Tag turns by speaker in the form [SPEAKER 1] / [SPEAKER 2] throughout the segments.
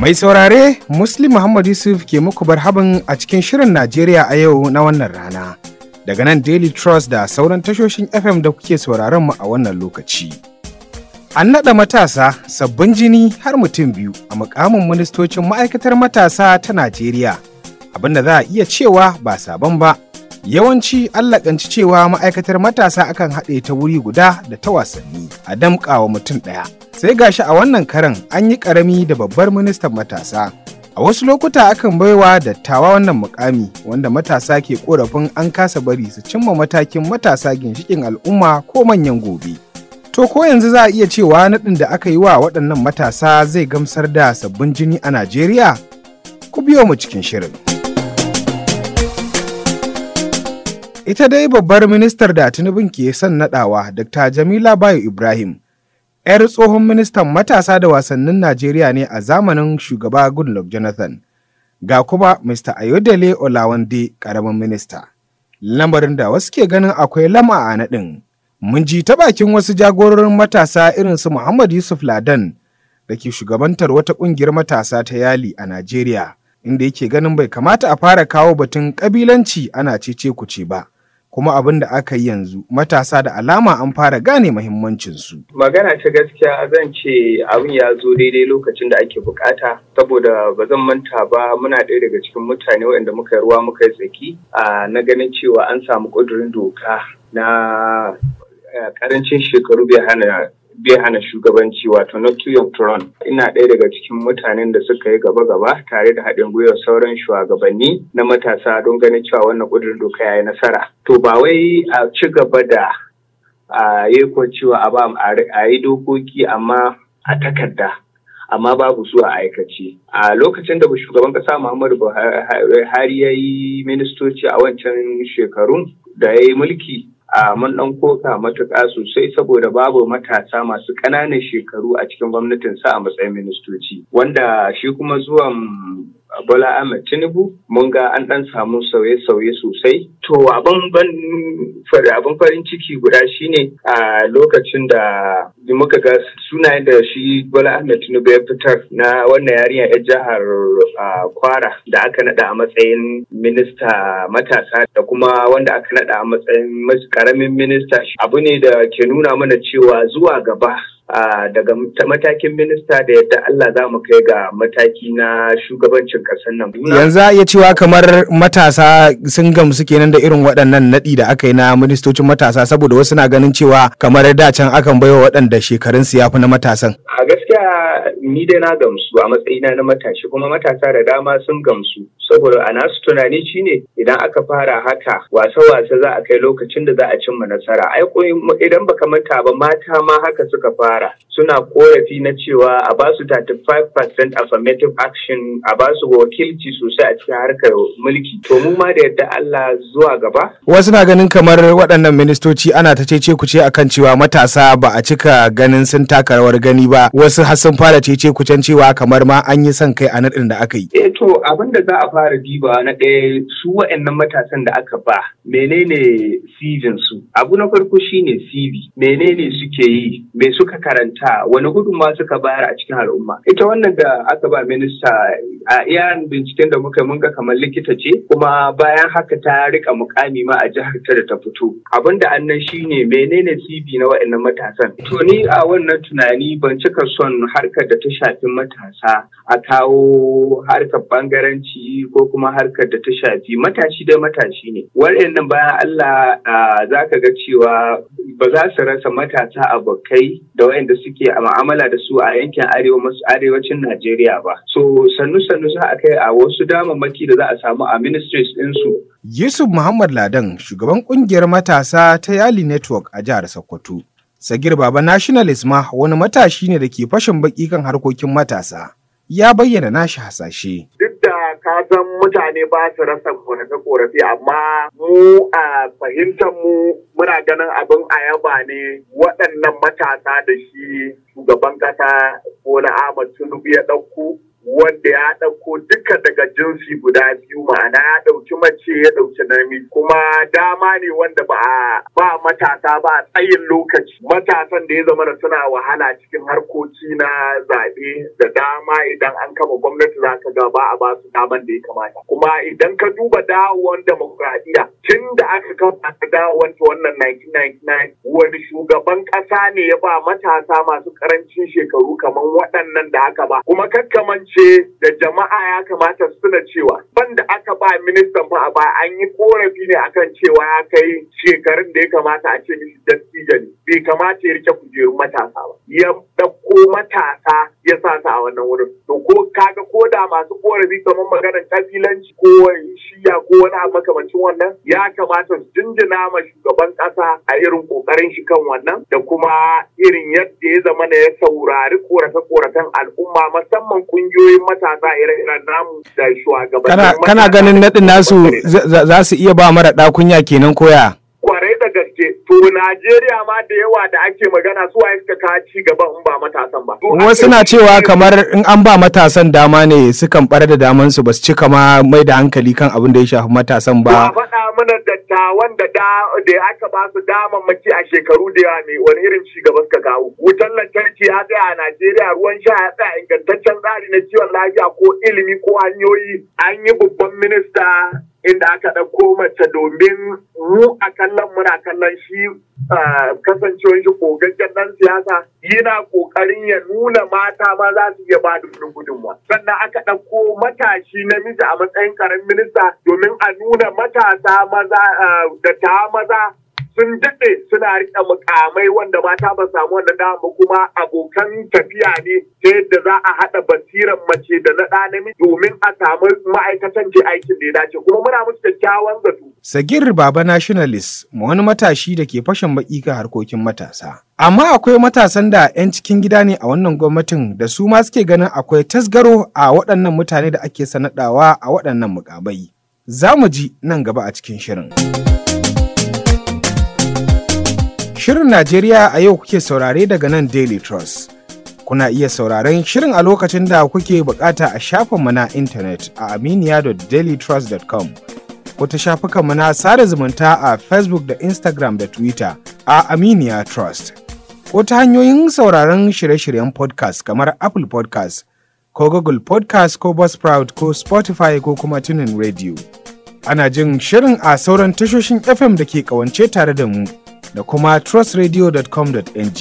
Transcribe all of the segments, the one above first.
[SPEAKER 1] Mai saurare Muslim Muhammad Yusuf ke muku barhaban a cikin shirin Najeriya a yau na wannan rana. Daga nan Daily Trust da sauran tashoshin FM da kuke sauraron mu a wannan lokaci. An naɗa matasa sabbin jini har mutum biyu a mukamin ministocin ma'aikatar matasa ta Najeriya. abin da za a iya cewa ba sabon ba Yawanci allakanci cewa ma'aikatar matasa akan haɗe ta wuri guda da ta wasanni a damƙawa mutum ɗaya. Sai gashi a wannan karan an yi ƙarami da babbar ministan matasa. A wasu lokuta akan baiwa dattawa wannan mukami wanda matasa ke korafin an kasa bari su cimma matakin matasa ginshikin al'umma ko manyan gobe. To ko yanzu za a iya cewa naɗin da aka yi wa waɗannan matasa zai gamsar da sabbin jini a Najeriya? Ku biyo mu cikin shirin. Ita dai babbar ministar da Tinubun ke son naɗawa Dr. Jamila Bayo Ibrahim, 'yar tsohon ministan matasa da wasannin Najeriya ne a zamanin shugaba Goodluck Jonathan. Ga kuma Mr. Ayodele Olawande ƙaramin minista. Lamarin da wasu ke ganin akwai lama a naɗin. Mun ji ta bakin wasu jagororin matasa irin su Muhammad Yusuf Ladan da ke shugabantar wata ƙungiyar matasa ta Yali a Najeriya. inda yake ganin bai kamata a fara kawo batun ƙabilanci ana cece ce ba kuma abin da aka yi yanzu matasa da alama an fara gane muhimmancinsu.
[SPEAKER 2] Magana ta gaskiya zan ce abin ya zo daidai lokacin da ake bukata saboda ba zan manta ba muna ɗaya daga cikin mutane waɗanda muka ruwa muka yi tsaki na ganin cewa an samu ƙudurin doka na eh, ƙarancin shekaru bai hana bai hana shugabanci wato na Tuyok Turon. Ina ɗaya daga cikin mutanen da suka yi gaba-gaba tare da haɗin gwiwar sauran shugabanni na matasa don ganin cewa wannan ƙudurin doka ya yi nasara. To ba wai a ci gaba da a yi cewa a ba a yi dokoki amma a takarda. amma babu zuwa aikace. A lokacin da shugaban ƙasa Muhammadu Buhari ya yi ministoci a wancan shekarun da ya yi mulki A mun ɗan koka matuƙa sosai saboda babu matasa masu ƙananan shekaru a cikin gwamnatin sa a matsayin ministoci wanda shi kuma zuwan Bola Ahmed Tinubu mun ga an ɗan samu sauye-sauye sosai. To abin abin farin ciki guda shine a lokacin da muka ga sunayen da shi Bola Ahmed Tinubu ya fitar na wannan yarinya ya jihar Kwara da aka naɗa a matsayin minista matasa da kuma wanda aka naɗa a matsayin karamin minista abu ne da ke nuna mana cewa zuwa gaba daga matakin minista da yadda Allah za mu kai ga mataki na shugabancin ƙasar nan.
[SPEAKER 1] Yanzu a iya cewa kamar matasa sun gamsu kenan da irin waɗannan naɗi da aka yi na ministocin matasa saboda wasu na ganin cewa kamar da can akan baiwa waɗanda shekarun su yafi na matasan.
[SPEAKER 2] A gaskiya ni dai na gamsu a matsayina na matashi kuma matasa da dama sun gamsu saboda a nasu tunani shine idan aka fara haka wasa-wasa za a kai lokacin da za a cimma nasara ai idan baka manta ba mata ma haka suka fara suna korafi na cewa a ba su 35% affirmative action a ba su wakilci sosai a cikin harkar mulki to mu ma da yadda Allah zuwa gaba
[SPEAKER 1] wasu na ganin kamar waɗannan ministoci ana ta cece ku ce akan cewa matasa ba a cika ganin sun taka rawar gani ba wasu har sun fara cece kucen cewa kamar ma an yi son kai a naɗin da aka yi
[SPEAKER 2] eh to abin da za a fara diba na ɗaya su wa'annan matasan da aka ba menene sivin su abu na farko shine cv menene suke yi me suka karanta wani gudunma suka bayar a cikin al'umma ita wannan da aka ba minista a iya binciken da muka mun ga kamar likita ce kuma bayan haka ta rika mukami ma a jihar ta da ta fito abin da annan shine menene cv na wa'annan matasan to ni a wannan tunani ban cika son harkar da ta shafi matasa a kawo harkar bangaranci ko kuma harkar da ta shafi matashi da matashi ne waɗannan bayan Allah za ka ga cewa ba za su rasa matasa abokai da wayanda suke a ma'amala da su a yankin arewa masu arewacin Najeriya ba so sannu sannu za a kai a wasu damammaki da za a samu a ministries ɗinsu.
[SPEAKER 1] Yusuf Muhammad Ladan shugaban ƙungiyar matasa ta Yali Network a jihar Sokoto. Sagir Baba Nationalist ma wani matashi ne da ke fashin baki kan harkokin matasa. Ya bayyana nashi hasashe.
[SPEAKER 3] Duk ka mutane ba su rasa korafe-korafe amma mu a fahimtar mu muna ganin abin ayaba ne waɗannan matasa da shi shugaban ƙasa ko na Ahmad Tinubu ya ɗauko wanda ya ɗauko duka daga jinsi guda biyu ma'ana ya ɗauki mace ya ɗauki namiji kuma dama ne wanda ba ba matasa ba tsayin lokaci matasan da ya zama da suna wahala cikin harkoki na zaɓe da dama idan an kama gwamnati za ka ga ba a ba su daman da ya kamata kuma idan ka duba dawowar demokradiyya tun da aka kafa ta dawon wannan 1999 wani shugaban ƙasa ne ya ba matasa masu karancin shekaru kamar waɗannan da aka ba kuma kakkamance da jama'a ya kamata su tuna cewa ban da aka ba ministan ba ba an yi korafi ne akan cewa ya kai shekarun da ya kamata a ce mishi dattijo ne bai kamata ya rike kujerun matasa ba ya ɗauko matasa ya sa ta a wannan wurin to ko kaga ko da masu korafi kamar maganar kabilanci ko shiya ko wani abu makamancin wannan ya kamata su jinjina ma shugaban kasa a irin kokarin shi kan wannan da kuma irin yadda ya zama na ya saurari korafe korafen al'umma musamman kungiyoyin matasa ire-iren namu da shugabannin kana
[SPEAKER 1] ganin nadin nasu za su iya ba mara ɗakunya kenan koya
[SPEAKER 3] To Najeriya ma da yawa da ake magana su waye suka kawo ci gaba in ba matasan ba. Wasu na cewa kamar
[SPEAKER 1] in an ba matasan dama ne sukan bar da daman su ba su cika ma mai da hankali kan abin da ya shafi matasan ba. Ba
[SPEAKER 3] faɗa mana dattawan da da aka ba su daman maki a shekaru da yawa ne wani irin ci gaba suka kawo. Wutar lantarki ya tsaya a Najeriya ruwan sha ya tsaya ingantaccen tsari na ciwon lafiya ko ilimi ko hanyoyi an yi babban minista inda aka ɗauko mace domin mu a kallon muna kallon shi kasancewar shi kogaggen ɗan siyasa yana ƙoƙarin ya nuna mata ma za su iya ba da gudunmuwa. Sannan aka ɗauko matashi namiji a matsayin ƙaramin minista domin a nuna matasa maza da ta maza sun daɗe suna riƙe mukamai wanda mata ba samu wannan dama kuma abokan tafiya ne ta yadda za a haɗa basiran mace da na ɗa domin a samu ma'aikatan ke aikin da ya dace kuma muna musu kyakkyawan zato.
[SPEAKER 1] Sagir Baba Nationalist wani matashi da ke fashin baƙi ga harkokin matasa. Amma akwai matasan da 'yan cikin gida ne a wannan gwamnatin da su ma suke ganin akwai tasgaro a waɗannan mutane da ake sanadawa a waɗannan mukabai. Za mu ji nan gaba a cikin shirin. Shirin Najeriya a yau kuke saurare daga nan Daily Trust. Kuna iya sauraren shirin a lokacin da kuke bukata a shafinmu na intanet a aminiya.dailytrust.com ko ta shafukanmu na sada zumunta a Facebook da Instagram da Twitter a Aminiya Trust. Ko ta hanyoyin sauraron shirye-shiryen podcast kamar Apple podcast ko Google podcast ko Buzzsprout ko Spotify ko kuma Tunin Radio. Ana jin shirin a sauran tashoshin FM da ke kawance tare da mu. da kuma trustradio.com.ng.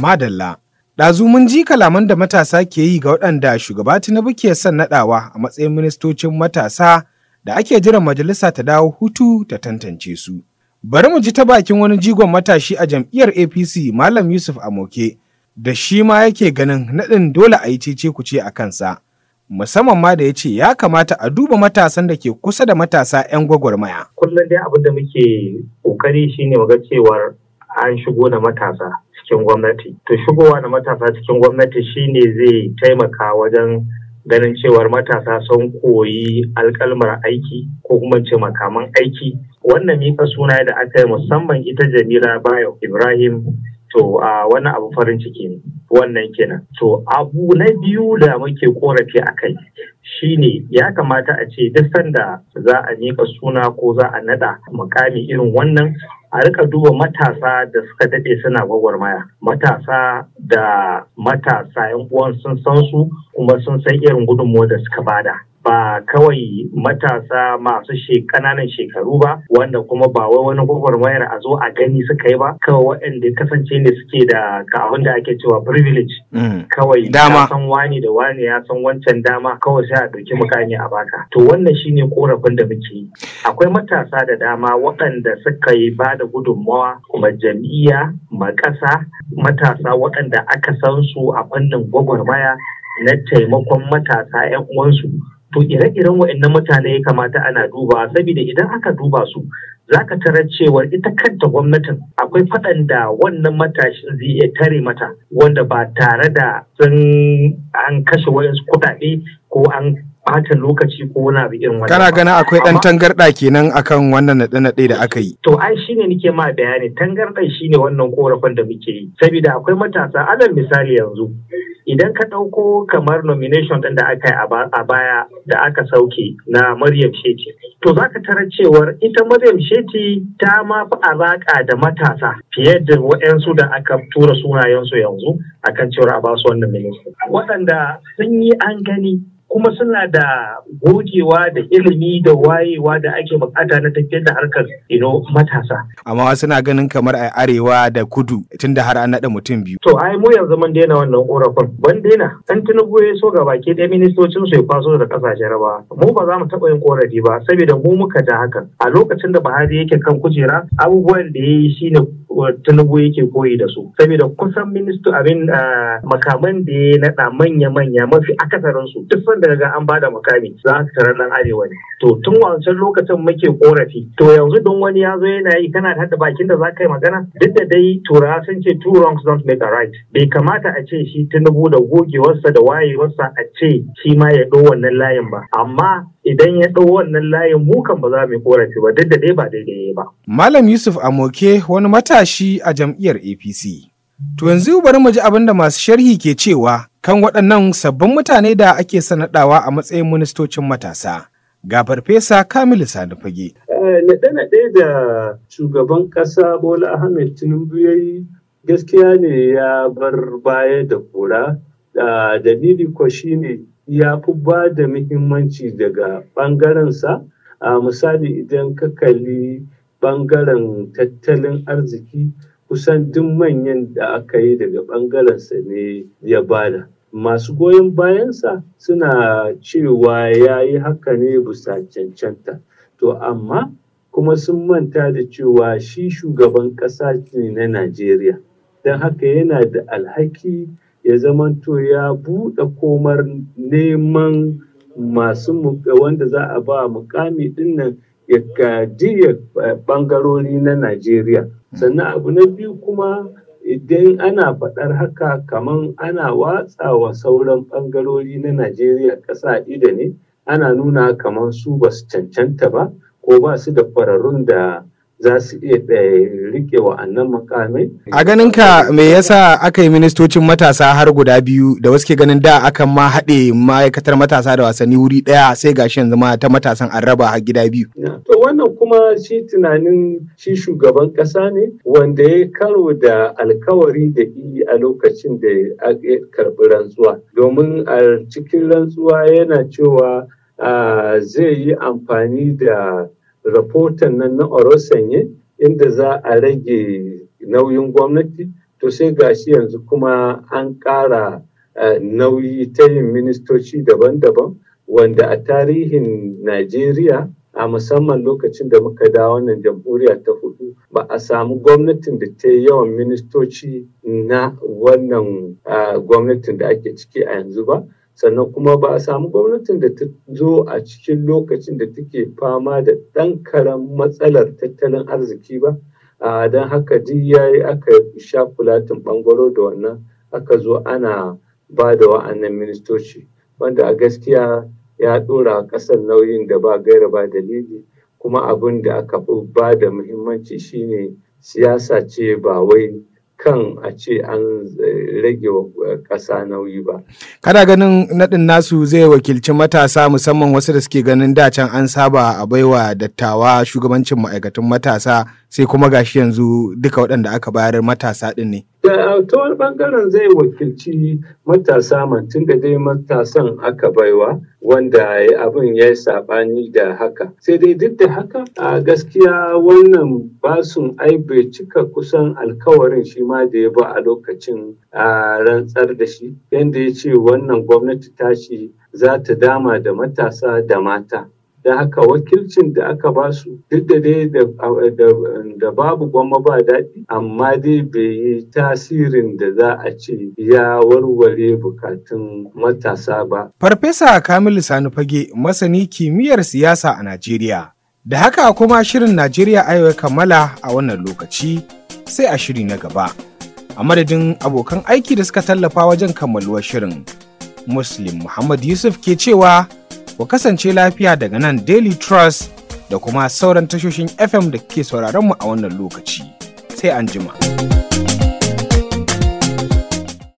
[SPEAKER 1] Madalla Ɗazu mun ji kalaman da matasa ke yi ga waɗanda shugaba Tinubu ke son naɗawa a matsayin ministocin matasa da ake jiran majalisa ta dawo hutu ta tantance su. Bari mu ji ta bakin wani jigon matashi a jam'iyyar APC Malam Yusuf Amoke da shi ma yake ganin naɗin dole a yi cece ce a kansa. musamman ma da ya ce ya kamata a duba matasan da ke kusa da matasa 'yan gwagwarmaya. Kullum dai abin da muke kokari
[SPEAKER 4] shine muga cewar an shigo da matasa cikin gwamnati. To shigowa na matasa cikin gwamnati shine zai taimaka wajen ganin cewar matasa sun koyi alkalmar aiki ko kuma ce makaman aiki. Wannan mika suna da aka yi musamman ita Jamila Bayo Ibrahim to a wani abu farin ciki ne. wannan kenan to abu na biyu da muke korafi a kai Shi ne ya kamata a ce duk sanda za a miƙa suna ko za a naɗa mukami irin wannan a rika duba matasa da suka dade suna gwagwarmaya matasa da matasa yan uwan sun san su kuma sun san irin gudunmuwa da suka bada ba kawai matasa masu she kananan shekaru ba wanda kuma ba wai wani gwagwarmayar a zo a gani suka yi ba kawai waɗanda kasance ne suke da ga da ake cewa privilege mm. kawai ya san wani da wani ya san wancan dama kawai ja a ɗauki mukami a baka to wannan shine korafin da muke yi akwai matasa da dama waɗanda suka yi ba da gudunmawa kuma jam'iyya ƙasa matasa waɗanda aka san su a fannin gwagwarmaya na taimakon matasa 'yan uwansu to ire-iren waɗannan mutane ya kamata ana duba saboda idan aka duba su za ka tarar cewar ita kanta gwamnatin akwai faɗan da wannan matashin zai iya tare mata wanda ba tare da sun an kashe wayansu kuɗaɗe ko an bata lokaci ko wani abu irin wannan. Kana gana akwai ɗan
[SPEAKER 1] tangarɗa kenan akan wannan naɗe-naɗe da aka yi. To
[SPEAKER 4] ai shine nike ma bayani tangarɗa shine wannan korafin da muke yi. Sabida akwai matasa alal misali yanzu idan ka ɗauko kamar nomination ɗin da aka yi a baya da aka sauke na Maryam Sheti. To za ka tarar cewar ita Maryam Sheti ta ma fi alaƙa da matasa fiye da waɗansu da aka tura sunayensu yanzu akan cewar a basu wannan minista. Waɗanda sun yi an gani kuma suna da gogewa da ilimi da wayewa da ake bukata na tafiyar da harkar ino matasa.
[SPEAKER 1] Amma suna ganin kamar a arewa da kudu tunda har an naɗa mutum biyu. To ai
[SPEAKER 4] mu yanzu mun daina wannan korafin ban daina an tinubu ya so ga baki ɗaya ministocin su ya kwaso da ƙasashen raba mu ba za mu taɓa yin korafi ba saboda mu muka ja hakan a lokacin da Buhari yake kan kujera abubuwan da ya yi shine Tinubu yake koyi da su. Saboda kusan ministo abin uh, makaman da ya naɗa manya-manya mafi akasarin su duk sanda daga an bada makami za ka tarar nan arewa ne. To tun wancan lokacin muke korafi. To yanzu don wani ya zo yana yi kana da bakin da za ka yi magana duk da dai turawa sun ce two wrongs don't make a right. Bai kamata a ce shi tunubu da gogewarsa da wayewarsa a ce shi ma ya ɗo wannan layin ba. Amma idan ya ɗau wannan layin mukan ba za mu korafi ba duk da dai ba daidai
[SPEAKER 1] ba. Malam Yusuf Amoke wani matashi a jam'iyyar APC. To yanzu bari mu ji abin da masu sharhi ke cewa kan waɗannan sabbin mutane da ake sanadawa a matsayin ministocin matasa. Ga farfesa Kamilu Sani Fage.
[SPEAKER 5] Eh, naɗe-naɗe da shugaban ƙasa Bola Ahmed Tinubu ya yi gaskiya ne ya bar baya da kura. da ah, Dalili ko ne. ya fi ba da muhimmanci daga ɓangarensa a misali idan ka kalli ɓangaren tattalin arziki kusan duk manyan da aka yi daga ɓangarensa ne ya bada masu goyon bayansa suna cewa ya yi haka ne bisa cancanta to amma kuma sun manta da cewa shi shugaban ƙasa ne na najeriya don haka yana da alhaki ya zamanto ya buɗe komar neman masu wanda za a ba mukami dinnan ya ya eh, ɓangarori na Najeriya. Sannan abu na biyu kuma idan ana faɗar haka kaman ana watsa wa sauran ɓangarori na Najeriya ƙasa ida ne ana nuna kaman su basu cancanta ba ko basu da kwararrun da za su iya eh, rike annan mukamai.
[SPEAKER 1] A ganin ka me yasa aka yi ministocin matasa har guda biyu da wasu ke ganin da akan ma haɗe ma'aikatar matasa da wasanni wuri ɗaya sai gashi yanzu ma ta matasan an raba har gida biyu.
[SPEAKER 5] To wannan kuma shi tunanin shi shugaban ƙasa ne wanda ya karo da alkawari da yi a lokacin da ya karɓi rantsuwa. Domin a cikin rantsuwa yana cewa ah, zai yi amfani da rahoton nan na orosanye inda za a rage nauyin gwamnati to sai gashi yanzu kuma an ƙara eh, nauyi ta yin ministoci daban-daban wanda a tarihin najeriya a musamman lokacin da muka da wannan jamhuriya ta hudu ba a samu gwamnatin da ta yi yawan ministoci na wannan eh, gwamnatin da ake ciki a yanzu ba sannan kuma ba a samu gwamnatin da ta zo a cikin lokacin da take fama da ɗan karan matsalar tattalin arziki ba don haka duk yayi aka sha kulatin ɓangaro da wannan aka zo ana ba da wa'annan ministoci wanda a gaskiya ya ɗora ƙasar nauyin da ba gaira ba dalili kuma abin da aka fi ba da muhimmanci shine siyasa ce ba wai kan a ce an eh, rage wa eh, ƙasa nauyi ba.
[SPEAKER 1] Kada ganin naɗin nasu zai wakilci matasa musamman wasu da suke ganin dacan an saba a baiwa dattawa shugabancin ma'aikatan matasa sai kuma gashi yanzu duka waɗanda aka bayar matasa ɗin ne.
[SPEAKER 5] Da ta wani ɓangaren zai wakilci matasa mantin da dai matasan aka baiwa wanda abin ya yi saɓani da haka. Sai dai duk da haka a gaskiya wannan basun ai bai cika kusan alkawarin shi ma da ya ba a lokacin a rantsar da shi yadda ya ce wannan gwamnati tashi za ta dama da matasa da mata. da haka wakilcin da aka ba su duk da dai da babu gwamma ba daɗi amma dai bai yi tasirin da za a ce ya warware bukatun matasa ba.
[SPEAKER 1] Farfesa Kamilu Sani Fage masani kimiyyar siyasa a Najeriya. Da haka kuma shirin Najeriya a kammala a wannan lokaci sai a shiri na gaba. A madadin abokan aiki da suka tallafa wajen kammaluwar shirin. Muslim Muhammad Yusuf ke cewa Ku kasance lafiya daga nan Daily Trust da kuma sauran tashoshin FM da ke sauraron mu a wannan lokaci. Sai an jima.